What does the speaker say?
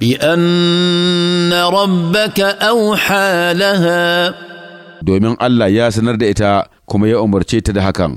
بأن ربك أوحى لها دومين الله يا سنر da ita kuma ya umarce ta da hakan